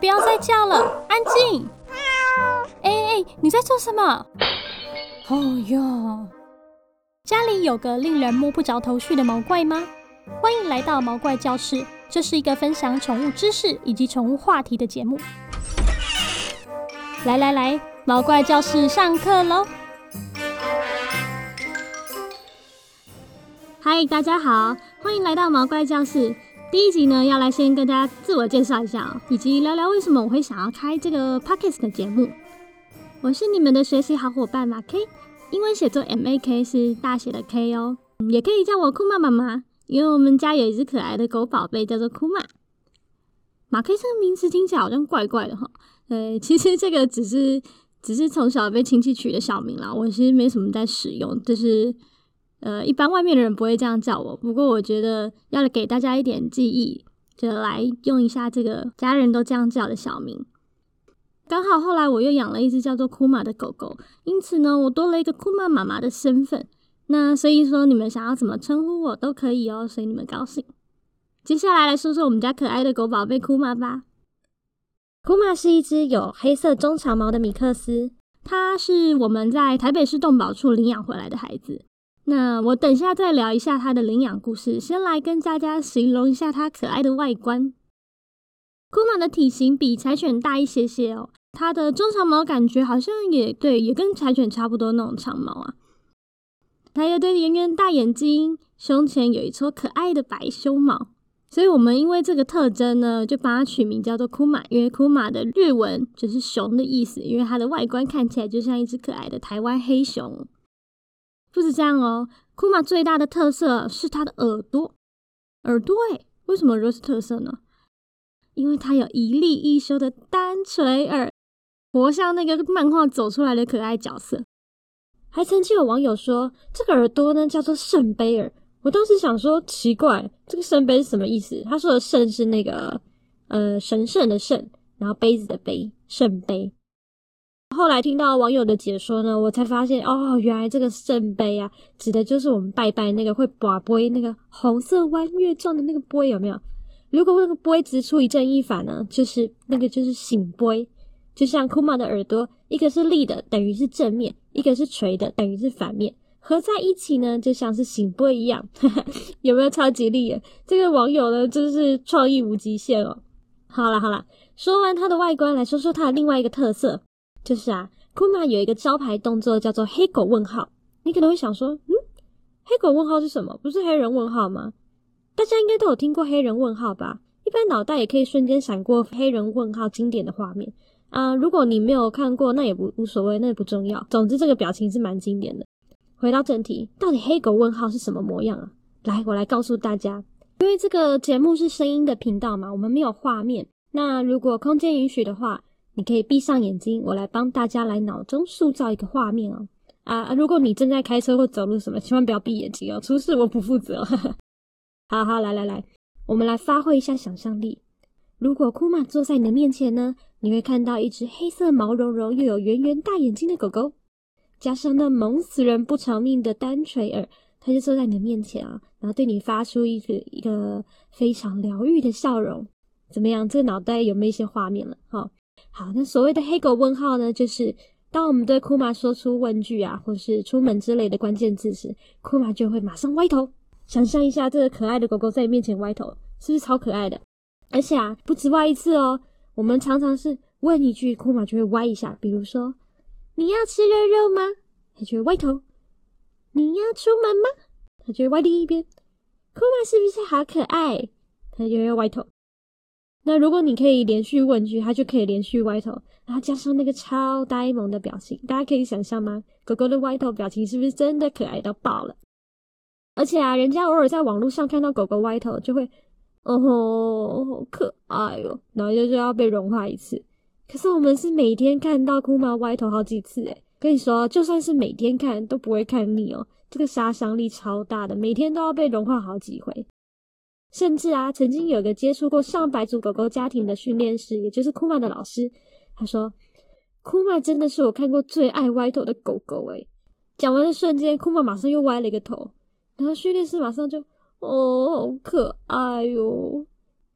不要再叫了，安靜！哎哎、欸欸，你在做什麼？哦喲，家裡有個令人摸不着頭緒的毛怪嗎？歡迎來到毛怪教室，這是一個分享寵物知識以及寵物話題的節目。來來來，毛怪教室上課嘍！嗨，大家好，歡迎來到毛怪教室。第一集呢，要來先跟大家自我介紹一下哦，以及聊聊為什麼我會想要開這個 Podcast 的節目。我是你們的學習好伙伴馬 K，英文寫作 M A K 是大寫的 K 哦，嗯，也可以叫我 Kuma 媽媽，因為我們家有一隻可愛的狗寶貝叫做 Kuma。馬 K 這個名字聽起來好像怪怪的哈，呃，其實這個只是只是從小被親戚取的小名啦，我其實沒什麼在使用，就是。呃，一般外面的人不會這樣叫我。不過，我覺得要給大家一點記憶，就來用一下這個家人都這樣叫的小名。剛好後來我又養了一隻叫做 Kuma 的狗狗，因此呢，我多了一個 Kuma 媽媽的身份。那所以說，你們想要怎麼稱呼我都可以哦，隨你們高興。接下來來說說我們家可愛的狗寶貝 Kuma 吧。Kuma 是一隻有黑色中長毛的米克斯，它是我們在台北市動保處領養回來的孩子。那我等一下再聊一下它的領養故事，先來跟大家形容一下它可愛的外觀。Kuma 的體型比柴犬大一些些哦、喔，它的中長毛感覺好像也對，也跟柴犬差不多那種長毛啊。它有對圓圓大眼睛，胸前有一撮可愛的白胸毛，所以我們因為這個特徵呢，就把它取名叫做 Kuma，因為 Kuma 的日文就是熊的意思，因為它的外觀看起來就像一只可愛的台灣黑熊。就是這樣哦、喔，Kuma 最大的特色是它的耳朵，耳朵哎、欸，為什麼如此特色呢？因為它有一立一休的單垂耳，活像那個漫畫走出來的可愛角色。還曾經有網友說，這個耳朵呢叫做聖杯耳，我當時想說奇怪，這個聖杯是什麼意思？他說的聖是那個呃神聖的聖，然後杯子的杯，聖杯。後來聽到網友的解說呢，我才發現哦，原來這個聖杯啊，指的就是我們拜拜那個會把杯那個紅色彎月狀的那個杯有沒有？如果那個杯直出一正一反呢，就是那個就是聖杯，就像 Kuma 的耳朵，一個是立的等於是正面，一個是垂的等於是反面，合在一起呢就像是聖杯一樣， 有沒有超級吉利耶？這個網友呢真、就是創意無極限哦！好啦好啦，說完它的外觀，來說說它的另外一個特色。就是啊，Kuma 有一個招牌動作叫做“黑狗問號”。你可能會想說，嗯，黑狗問號是什麼？不是黑人問號嗎？大家應該都有聽過黑人問號吧？一般腦袋也可以瞬間閃過黑人問號經典的畫面啊，呃，如果你沒有看過，那也無所謂，那也不重要。總之，這個表情是蠻經典的。回到正題，到底黑狗問號是什麼模樣啊？來，我來告訴大家。因為這個節目是聲音的頻道嘛，我們沒有畫面。那如果空間允許的話，你可以閉上眼睛，我來幫大家來腦中塑造一個畫面哦、喔啊。啊，如果你正在開車或走路什麼，千萬不要閉眼睛哦、喔，出事我不負責、喔。 好好，來來來，我們來發揮一下想象力。如果 Kuma 坐在你的面前呢，你會看到一隻黑色毛茸茸又有圓圓大眼睛的狗狗，加上那萌死人不償命的單垂耳，它就坐在你的面前啊、喔，然後對你發出一個一個非常療癒的笑容。怎麼樣，這個腦袋有沒有一些畫面了？好、喔。好，那所謂的黑狗問號呢，就是當我們對 Kuma 說出問句啊，或是出門之類的關鍵字時，Kuma 就會馬上歪頭。想象一下，這個可愛的狗狗在你面前歪頭，是不是超可愛的？而且啊，不止歪一次哦。我們常常是問一句，Kuma 就會歪一下。比如說，你要吃肉肉嗎？它就會歪頭。你要出門嗎？它就會歪另一邊。Kuma 是不是好可愛？它就會歪頭。那如果你可以連續問句，它就可以連續歪頭。然後加上那個超呆萌的表情，大家可以想象嗎？狗狗的歪頭表情是不是真的可愛到爆了？而且啊，人家偶爾在網絡上看到狗狗歪頭，就會，哦吼，好可愛哦、喔，然後就就要被融化一次。可是我們是每天看到 Kuma 歪頭好幾次、欸，哎，跟你說，就算是每天看都不會看膩哦、喔，這個殺傷力超大的，每天都要被融化好幾回。甚至啊，曾經有個接觸過上百組狗狗家庭的訓練師，也就是 Kuma 的老師，他說，Kuma 真的是我看過最愛歪頭的狗狗誒、欸、講完的瞬間，Kuma 馬上又歪了一個頭，然後訓練師馬上就哦，oh, 好可愛喲、哦。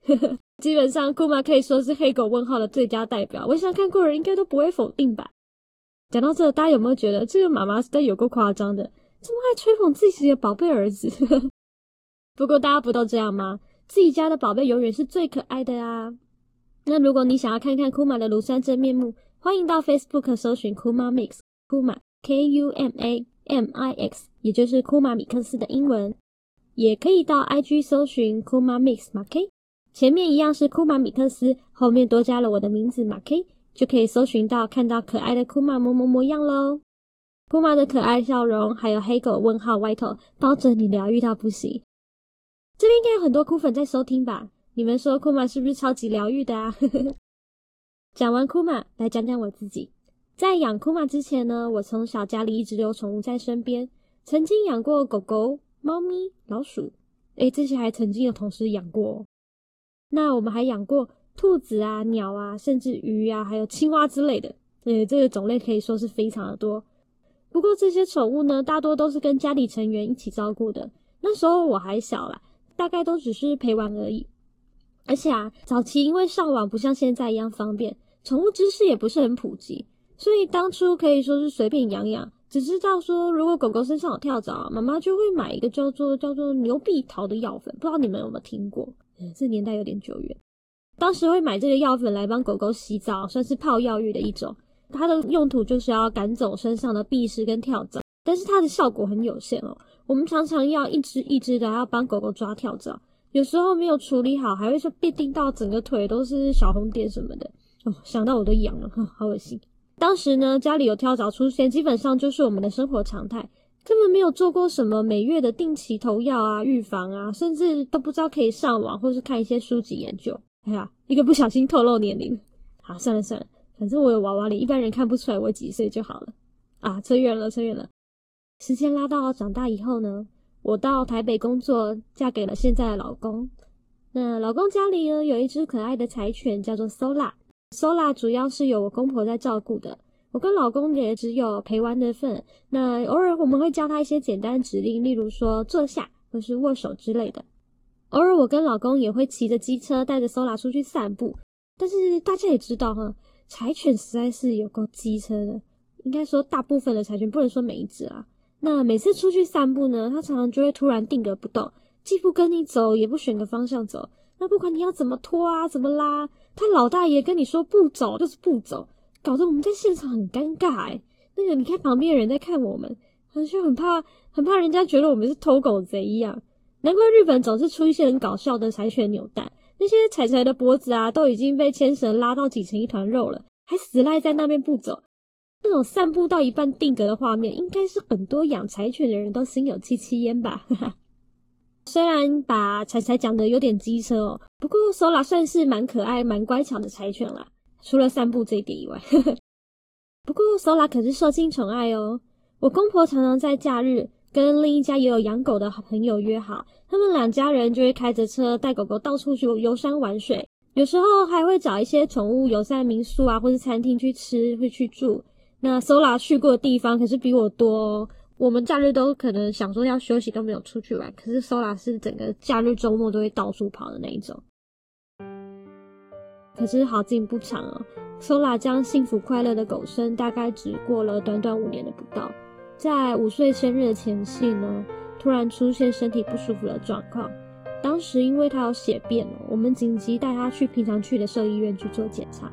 呵呵，基本上 Kuma 可以說是黑狗問號的最佳代表。我想看過人應該都不會否定吧。講到這，大家有沒有覺得這個媽媽是帶有夠誇張的？這麼愛吹捧自己的寶貝兒子。 不過大家不都這樣嗎？自己家的寶貝永遠是最可愛的啊！那如果你想要看看庫瑪的廬山真面目，歡迎到 Facebook 搜尋庫瑪 Mix，庫瑪 K U M A M I X，也就是庫瑪米克斯的英文。也可以到 IG 搜尋庫瑪 Mix 馬 K，前面一樣是庫瑪米克斯，後面多加了我的名字馬 K，就可以搜尋到看到可愛的庫瑪模模模樣嘍。庫瑪的可愛笑容，還有黑狗問號歪頭，保證你療癒到不行。這邊應該有很多哭粉在收聽吧？你們說 Kuma 是不是超級療癒的啊？講 完 Kuma，來講講我自己。在養 Kuma 之前呢，我從小家裡一直有寵物在身邊，曾經養過狗狗、貓咪、老鼠，誒、欸、這些還曾經有同時養過。那我們還養過兔子啊、鳥啊，甚至魚啊，還有青蛙之類的。誒、欸、這個種類可以說是非常的多。不過這些寵物呢，大多都是跟家裡成員一起照顧的。那時候我還小啦。大概都只是陪玩而已，而且啊，早期因為上網不像現在一樣方便，寵物知識也不是很普及，所以當初可以說是隨便養養，只知道說如果狗狗身上有跳蚤，媽媽就會買一個叫做叫做牛蜱逃的藥粉，不知道你們有沒有聽過，嗯？這年代有點久遠，當時會買這個藥粉來幫狗狗洗澡，算是泡藥浴的一種，它的用途就是要趕走身上的壁蝨跟跳蚤，但是它的效果很有限哦。我們常常要一隻一隻的還要幫狗狗抓跳蚤，有時候沒有處理好，還會說必定到整個腿都是小紅點什麼的。哦，想到我都癢了，哼，好噁心。當時呢，家裡有跳蚤出現，基本上就是我們的生活常態，根本沒有做過什麼每月的定期投藥啊、預防啊，甚至都不知道可以上網或是看一些書籍研究。哎呀，一個不小心透露年齡。好，算了算了，反正我有娃娃臉，一般人看不出來我幾歲就好了。啊，扯遠了，扯遠了。時間拉到長大以後呢，我到台北工作，嫁給了現在的老公。那老公家裡呢，有一隻可愛的柴犬，叫做 Sola。Sola 主要是由我公婆在照顧的，我跟老公也只有陪玩的份。那偶爾我們會教他一些簡單的指令，例如說坐下或是握手之類的。偶爾我跟老公也會騎着機車帶着 Sola 出去散步，但是大家也知道哈，柴犬實在是有夠機車的。應該說大部分的柴犬，不能說每一隻啊。那每次出去散步呢，他常常就會突然定格不動，既不跟你走，也不選個方向走。那不管你要怎麼拖啊，怎麼拉，他老大爺跟你說不走就是不走，搞得我們在現場很尷尬。哎，那個你看旁邊的人在看我們，好像就很怕，很怕人家覺得我們是偷狗賊一樣。難怪日本總是出一些很搞笑的柴犬扭蛋，那些柴柴的脖子啊，都已經被牽繩拉到擠成一團肉了，還死賴在那邊不走。這種散步到一半定格的畫面，應該是很多養柴犬的人都心有戚戚焉吧。 雖然把柴柴講得有點機車哦，不過 Sola 算是蠻可愛、蠻乖巧的柴犬啦，除了散步這一點以外， 不過 Sola 可是受盡寵愛哦。我公婆常常在假日跟另一家也有養狗的好朋友約好，他們兩家人就會開着車帶狗狗到處去遊山玩水，有時候還會找一些寵物友善民宿啊，或是餐廳去吃、會去住。那 Sola 去過的地方可是比我多哦。我們假日都可能想說要休息，都沒有出去玩，可是 Sola 是整個假日周末都會到處跑的那一種。可是好景不長啊，Sola 將幸福快樂的狗生大概只過了短短五年的不到，在五歲生日的前夕呢，突然出現身體不舒服的狀況。當時因為它有血便哦，我們緊急帶它去平常去的獸醫院去做檢查。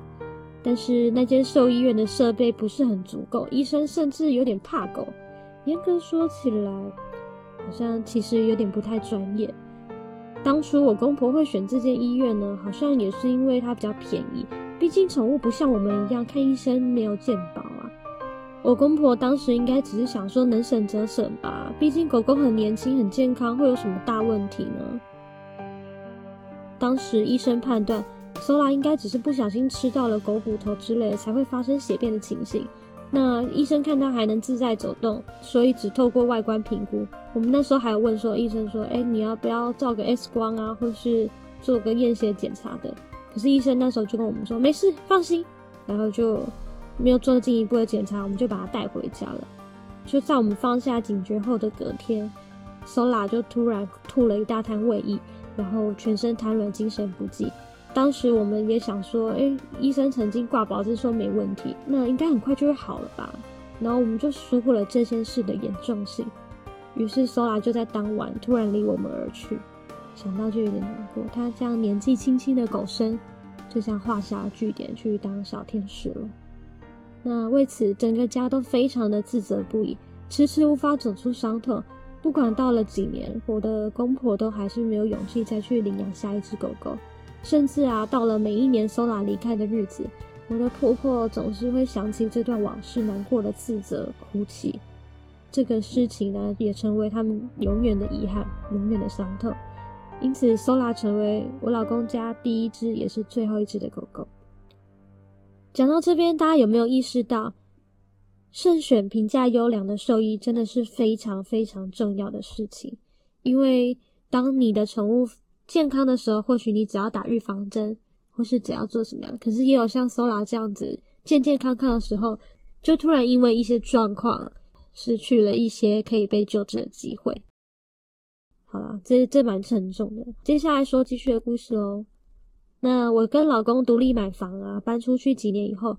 但是那間獸醫院的設備不是很足夠，醫生甚至有點怕狗。嚴格說起來，好像其實有點不太專業。當初我公婆會選這間醫院呢，好像也是因為它比較便宜。畢竟寵物不像我們一樣看醫生沒有健保啊。我公婆當時應該只是想說能省則省吧，畢竟狗狗很年輕很健康，會有什麼大問題呢？當時醫生判斷，Sola 應該只是不小心吃到了狗骨頭之類，才會發生血便的情形。那醫生看他還能自在走動，所以只透過外觀評估。我們那時候還有問說，醫生說：“哎、欸，你要不要照個 X 光啊，或是做個驗血檢查的？”可是醫生那時候就跟我們說：“沒事，放心。”然後就沒有做進一步的檢查，我們就把他帶回家了。就在我們放下警覺後的隔天，Sola 就突然吐了一大灘胃液，然後全身癱軟，精神不濟。當時我們也想說，哎、欸，醫生曾經掛保證說沒問題，那應該很快就會好了吧。然後我們就疏忽了這些事的嚴重性，於是 Sola 就在當晚突然離我們而去，想到就有點難過。他這樣年紀輕輕的狗生，就這樣畫下句點，去當小天使了。那為此，整個家都非常的自責不已，遲遲無法走出傷痛。不管到了幾年，我的公婆都還是沒有勇氣再去領養下一只狗狗。甚至啊，到了每一年 Sola 離開的日子，我的婆婆總是會想起這段往事，難過的自責、哭泣。這個事情呢，也成為他們永遠的遺憾、永遠的傷痛。因此，Sola 成為我老公家第一隻，也是最後一隻的狗狗。講到這邊，大家有沒有意識到，慎選評價優良的獸醫真的是非常非常重要的事情？因為當你的寵物，健康的時候，或許你只要打預防針，或是只要做什麼樣，可是也有像 Sola 這樣子健健康康的時候，就突然因為一些狀況，失去了一些可以被救治的機會。好啦，這這蠻沉重的。接下來說繼續的故事囉。那我跟老公獨立買房啊，搬出去幾年以後，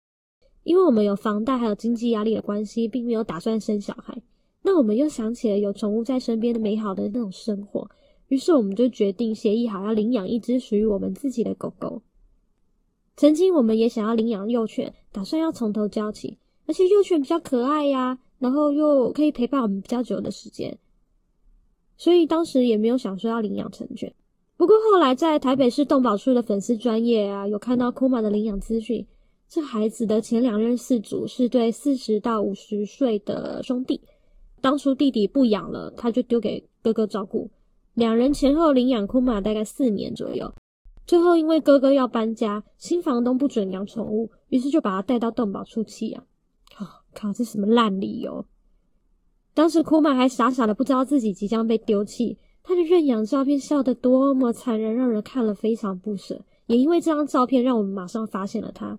因為我們有房貸還有經濟壓力的關係，並沒有打算生小孩。那我們又想起了有寵物在身邊的美好的那種生活。於是我們就決定協議好要領養一只屬於我們自己的狗狗。曾經我們也想要領養幼犬，打算要從頭教起，而且幼犬比較可愛呀、啊，然後又可以陪伴我們比較久的時間，所以當時也沒有想說要領養成犬。不過後來在台北市動保處的粉絲專頁啊，有看到 Kuma 的領養資訊，這孩子的前兩任飼主是對四十到五十歲的兄弟，當初弟弟不養了，他就丟給哥哥照顧。兩人前後領養 Kuma 大概四年左右，最後因為哥哥要搬家，新房東不准養寵物，於是就把他帶到動保處棄養。啊，哦，靠！這什麼爛理由，哦！當時 Kuma 還傻傻的不知道自己即將被丟棄，他的認養照片笑得多麼殘忍，讓人看了非常不捨。也因為這張照片，讓我們馬上發現了他。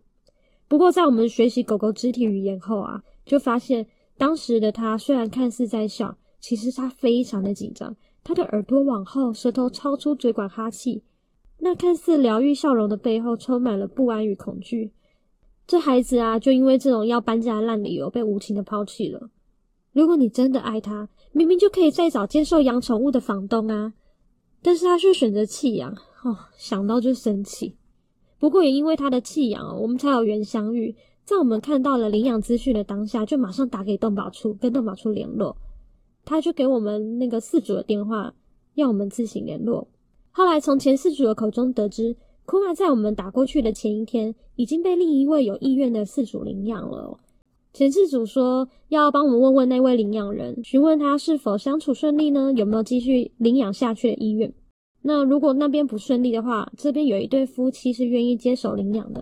不過，在我們學習狗狗肢體語言後啊，就發現當時的他雖然看似在笑，其實他非常的緊張。他的耳朵往後，舌頭超出嘴管哈氣，那看似療癒笑容的背後，充滿了不安與恐懼。這孩子啊，就因為這種要搬家爛理由，被無情的拋棄了。如果你真的愛他，明明就可以再找接受養寵物的房東啊，但是他卻選擇棄養。哦，想到就生氣。不過也因為他的棄養、哦，我們才有緣相遇。在我們看到了領養資訊的當下，就馬上打給動保處，跟動保處聯絡。他就給我們那個飼主的電話，要我們自行聯絡。後來從前飼主的口中得知，Kuma 在我們打過去的前一天已經被另一位有意願的飼主領養了喔。前飼主說要幫我們問問那位領養人，詢問他是否相處順利呢？有沒有繼續領養下去的意願？那如果那邊不順利的話，這邊有一對夫妻是願意接手領養的。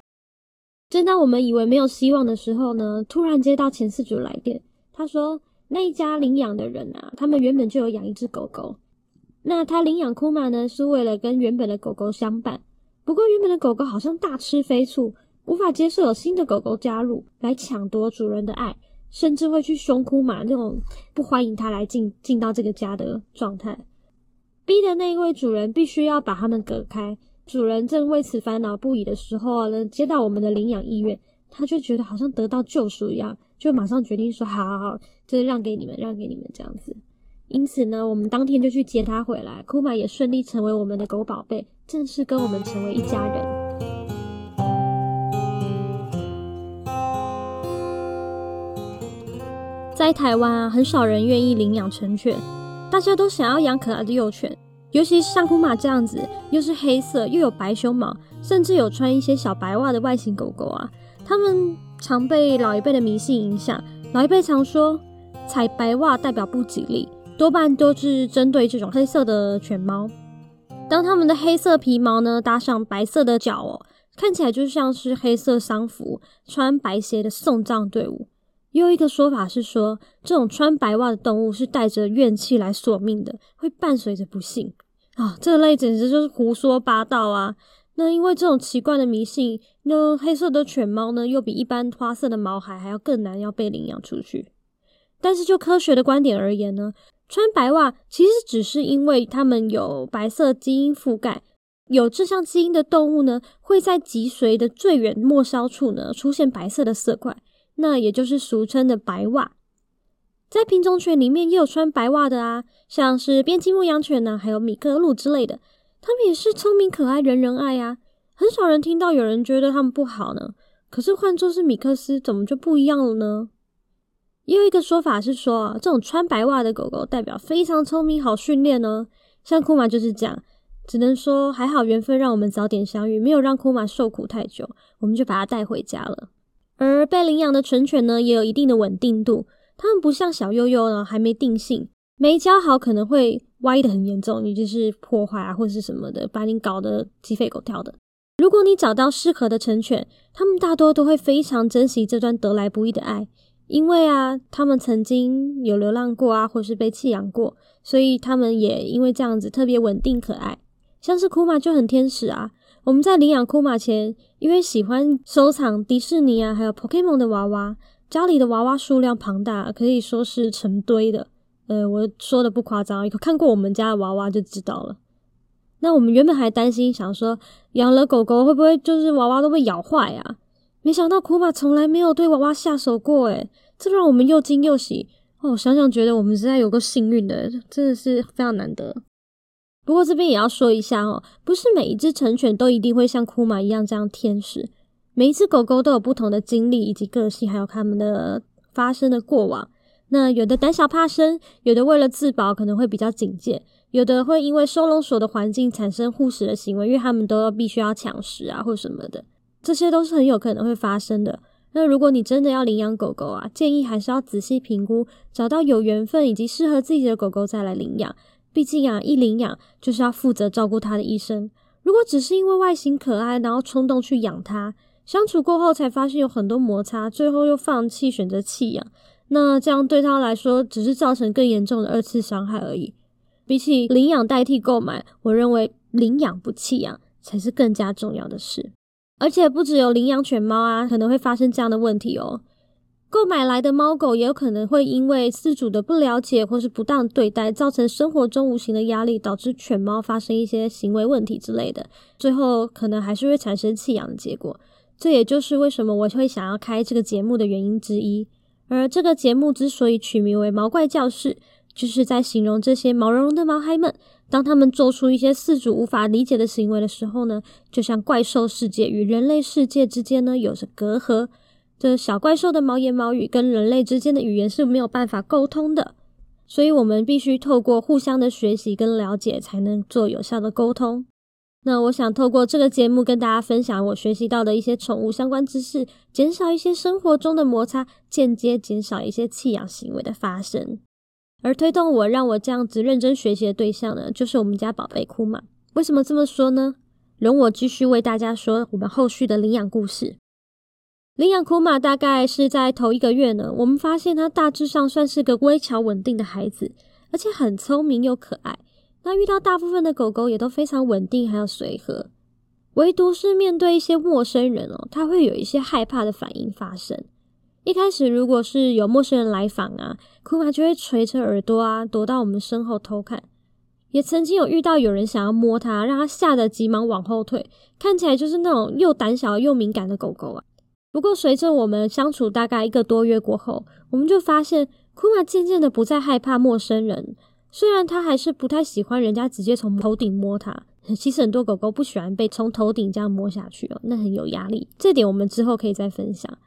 正當我們以為沒有希望的時候呢，突然接到前飼主來電，他說。那一家領養的人啊，他們原本就有養一隻狗狗，那他領養 Kuma 呢，是為了跟原本的狗狗相伴。不過原本的狗狗好像大吃飛醋，無法接受有新的狗狗加入，來搶奪主人的愛，甚至會去凶 Kuma，那種不歡迎他來進進到這個家的狀態，逼得那一位主人必須要把他們隔開。主人正為此煩惱不已的時候呢，呢接到我們的領養意願。他就覺得好像得到救贖一樣，就馬上決定說：“好，好，好，就是讓給你們，讓給你們這樣子。”因此呢，我們當天就去接他回來，Kuma 也順利成為我們的狗寶貝，正式跟我們成為一家人。 在台灣啊，很少人願意領養成犬，大家都想要養可愛的幼犬，尤其像 Kuma 這樣子，又是黑色又有白胸毛，甚至有穿一些小白襪的外形狗狗啊。他們常被老一輩的迷信影響，老一輩常說，踩白襪代表不吉利，多半都是針對這種黑色的犬貓。當他們的黑色皮毛呢，搭上白色的腳哦、喔，看起來就像是黑色喪服，穿白鞋的送葬隊伍。又一個說法是說，這種穿白襪的動物是帶着怨氣來索命的，會伴隨着不幸啊、哦！這類簡直就是胡說八道啊！那因為這種奇怪的迷信，那黑色的犬貓呢，又比一般花色的毛孩還要更難要被領養出去。但是就科學的觀點而言呢，穿白襪其實只是因為它們有白色基因覆蓋，有這項基因的動物呢，會在脊髓的最遠末梢處呢出現白色的色塊，那也就是俗稱的白襪。在品種犬裡面也有穿白襪的啊，像是邊境牧羊犬呢，還有米格魯之類的。他們也是聰明可愛，人人愛啊，很少人聽到有人覺得他們不好呢。可是換做是米克斯，怎麼就不一樣了呢？也有一個說法是說，啊，這種穿白襪的狗狗代表非常聰明，好訓練呢。像庫瑪就是這樣，只能說還好緣分讓我們早點相遇，沒有讓庫瑪受苦太久，我們就把它帶回家了。而被領養的成犬呢，也有一定的穩定度，他們不像小幼幼呢，還沒定性，沒教好可能會。歪的很嚴重，尤其是破壞啊，或是什麼的，把你搞得雞飛狗跳的。如果你找到適合的成犬，他們大多都會非常珍惜這段得來不易的愛，因為啊，他們曾經有流浪過啊，或是被棄養過，所以他們也因為這樣子特別穩定可愛。像是 Kuma 就很天使啊，我們在領養 Kuma 前，因為喜歡收藏迪士尼啊，還有 Pokemon 的娃娃，家裡的娃娃數量龐大，可以說是成堆的。呃，我說的不誇張，看過我們家的娃娃就知道了。那我們原本還擔心，想說養了狗狗會不會就是娃娃都被咬壞啊？沒想到 Kuma 從來沒有對娃娃下手過，誒，這讓我們又驚又喜。哦，想想覺得我們實在有夠幸運的，真的是非常難得。不過這邊也要說一下哦，不是每一隻成犬都一定會像 Kuma 一樣這樣天使，每一隻狗狗都有不同的經歷以及個性，還有他們的發生的過往。那有的膽小怕生，有的為了自保可能會比較警戒，有的會因為收容所的環境產生護食的行為，因為他們都必須要搶食啊或什麼的，這些都是很有可能會發生的。那如果你真的要領養狗狗啊，建議還是要仔細評估，找到有緣分以及適合自己的狗狗再來領養。畢竟啊，一領養就是要負責照顧它的一生。如果只是因為外形可愛，然後衝動去養它，相處過後才發現有很多摩擦，最後又放棄選擇棄養。那這樣對他來說，只是造成更嚴重的二次傷害而已。比起領養代替購買，我認為領養不棄養才是更加重要的事。而且不只有領養犬貓啊，可能會發生這樣的問題哦。購買來的貓狗也有可能會因為飼主的不了解或是不當對待，造成生活中無形的壓力，導致犬貓發生一些行為問題之類的，最後可能還是會產生棄養的結果。這也就是為什麼我會想要開這個節目的原因之一。而這個節目之所以取名為“毛怪教室”，就是在形容這些毛茸茸的毛孩們。當他們做出一些飼主無法理解的行為的時候呢，就像怪獸世界與人類世界之間呢，有着隔閡。這小怪獸的毛言毛語跟人類之間的語言是沒有辦法溝通的，所以我們必須透過互相的學習跟了解，才能做有效的溝通。那我想透過這個節目跟大家分享我學習到的一些寵物相關知識，減少一些生活中的摩擦，間接減少一些棄養行為的發生。而推動我讓我這樣子認真學習的對象呢，就是我們家寶貝 Kuma。為什麼這麼說呢？容我繼續為大家說我們後續的領養故事。領養 Kuma 大概是在頭一個月呢，我們發現他大致上算是個乖巧穩定的孩子，而且很聰明又可愛。他遇到大部分的狗狗也都非常穩定，還有隨和，唯獨是面對一些陌生人哦，他會有一些害怕的反應發生。一開始，如果是有陌生人來訪啊，庫瑪就會垂着耳朵啊，躲到我們身後偷看。也曾經有遇到有人想要摸它，讓它嚇得急忙往後退，看起來就是那種又膽小又敏感的狗狗啊。不過，隨着我們相處大概一個多月過後，我們就發現庫瑪漸漸的不再害怕陌生人。雖然他還是不太喜歡人家直接從頭頂摸他，其實很多狗狗不喜歡被從頭頂這樣摸下去哦，那很有壓力。這點我們之後可以再分享。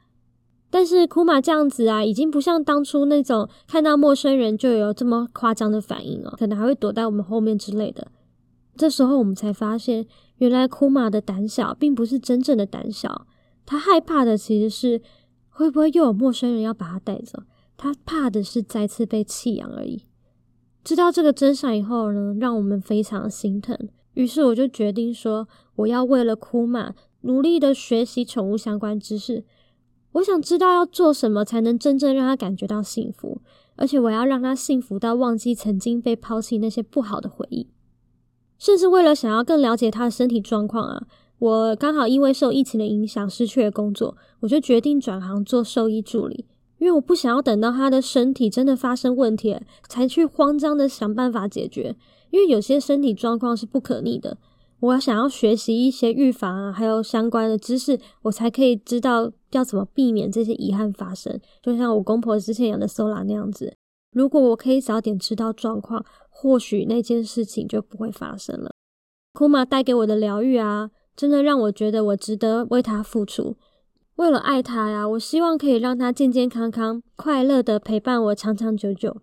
但是 Kuma 這樣子啊，已經不像當初那種看到陌生人就有這麼誇張的反應哦，可能還會躲在我們後面之類的。這時候我們才發現，原來 Kuma 的膽小並不是真正的膽小，他害怕的其實是會不會又有陌生人要把它帶走，他怕的是再次被棄養而已。知道這個真相以後呢，讓我們非常心疼。於是我就決定說，我要為了 Kuma，努力的學習寵物相關知識。我想知道要做什麼才能真正讓他感覺到幸福，而且我要讓他幸福到忘記曾經被拋棄那些不好的回憶。甚至為了想要更了解他的身體狀況啊，我剛好因為受疫情的影響失去了工作，我就決定轉行做獸醫助理。因為我不想要等到他的身體真的發生問題，才去慌張的想辦法解決，因為有些身體狀況是不可逆的。我想要學習一些預防啊，還有相關的知識，我才可以知道要怎麼避免這些遺憾發生。就像我公婆之前養的 Sola 那樣子，如果我可以早點知道狀況，或許那件事情就不會發生了。Kuma 帶給我的療癒啊，真的讓我覺得我值得為他付出。為了愛他呀，我希望可以讓他健健康康、快樂的陪伴我長長久久。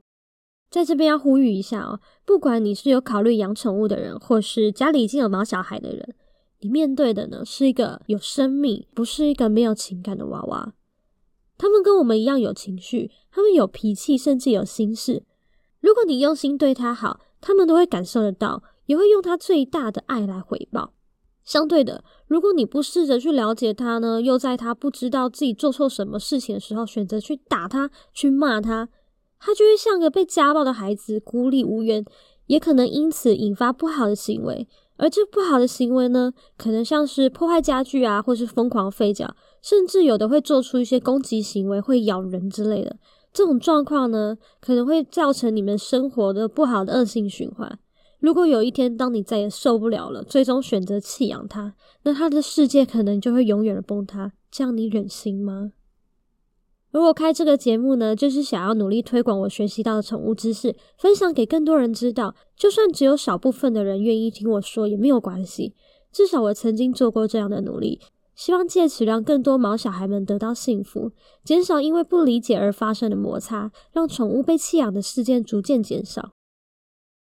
在這邊要呼籲一下哦，不管你是有考慮養寵物的人，或是家裡已經有毛小孩的人，你面對的呢，是一個有生命，不是一個沒有情感的娃娃。他們跟我們一樣有情緒，他們有脾氣，甚至有心事。如果你用心對他好，他們都會感受得到，也會用他最大的愛來回報，相對的，如果你不試着去了解他呢，又在他不知道自己做錯什麼事情的時候選擇去打他、去罵他，他就會像個被家暴的孩子，孤立無援，也可能因此引發不好的行為。而這不好的行為呢，可能像是破壞家具啊，或是瘋狂吠叫，甚至有的會做出一些攻擊行為，會咬人之類的。這種狀況呢，可能會造成你們生活的不好的惡性循環。如果有一天，當你再也受不了了，最終選擇棄養它，那它的世界可能就會永遠的崩塌。這樣你忍心嗎？而我開這個節目呢，就是想要努力推廣我學習到的寵物知識，分享給更多人知道。就算只有少部分的人願意聽我說，也沒有關係。至少我曾經做過這樣的努力，希望借此讓更多毛小孩們得到幸福，減少因為不理解而發生的摩擦，讓寵物被棄養的事件逐漸減少。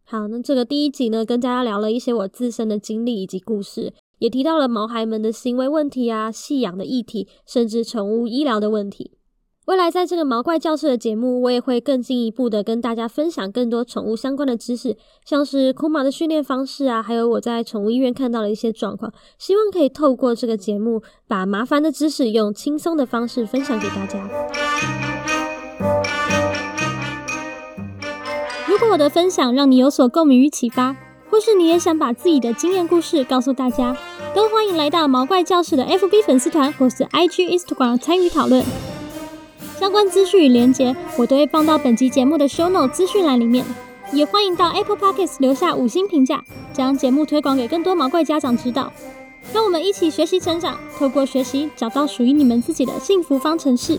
好，那這個第一集呢，跟大家聊了一些我自身的經歷以及故事，也提到了毛孩們的行為問題啊、棄養的議題，甚至寵物醫療的問題。未來在這個毛怪教室的節目，我也會更進一步的跟大家分享更多寵物相關的知識，像是 Kuma 的訓練方式啊，還有我在寵物醫院看到的一些狀況。希望可以透過這個節目，把麻煩的知識用輕鬆的方式分享給大家。如果我的分享讓你有所共鳴與啟發，或是你也想把自己的經驗故事告訴大家，都歡迎來到毛怪教室的 FB 粉絲團或是 IG Instagram 參與討論。相關資訊與連結，我都會放到本集節目的 Show Note 資訊欄裡面。也歡迎到 Apple Podcast 留下五星評價，將節目推廣給更多毛怪家長知道。讓我們一起學習成長，透過學習找到屬於你們自己的幸福方程式。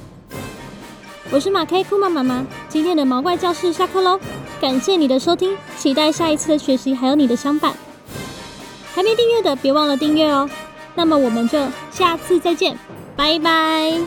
我是馬 K Kuma 媽媽，今天的毛怪教室下課嘍。感謝你的收聽，期待下一次的學習還有你的相伴。還沒訂閱的，別忘了訂閱哦。那麼我們就下次再見，拜拜。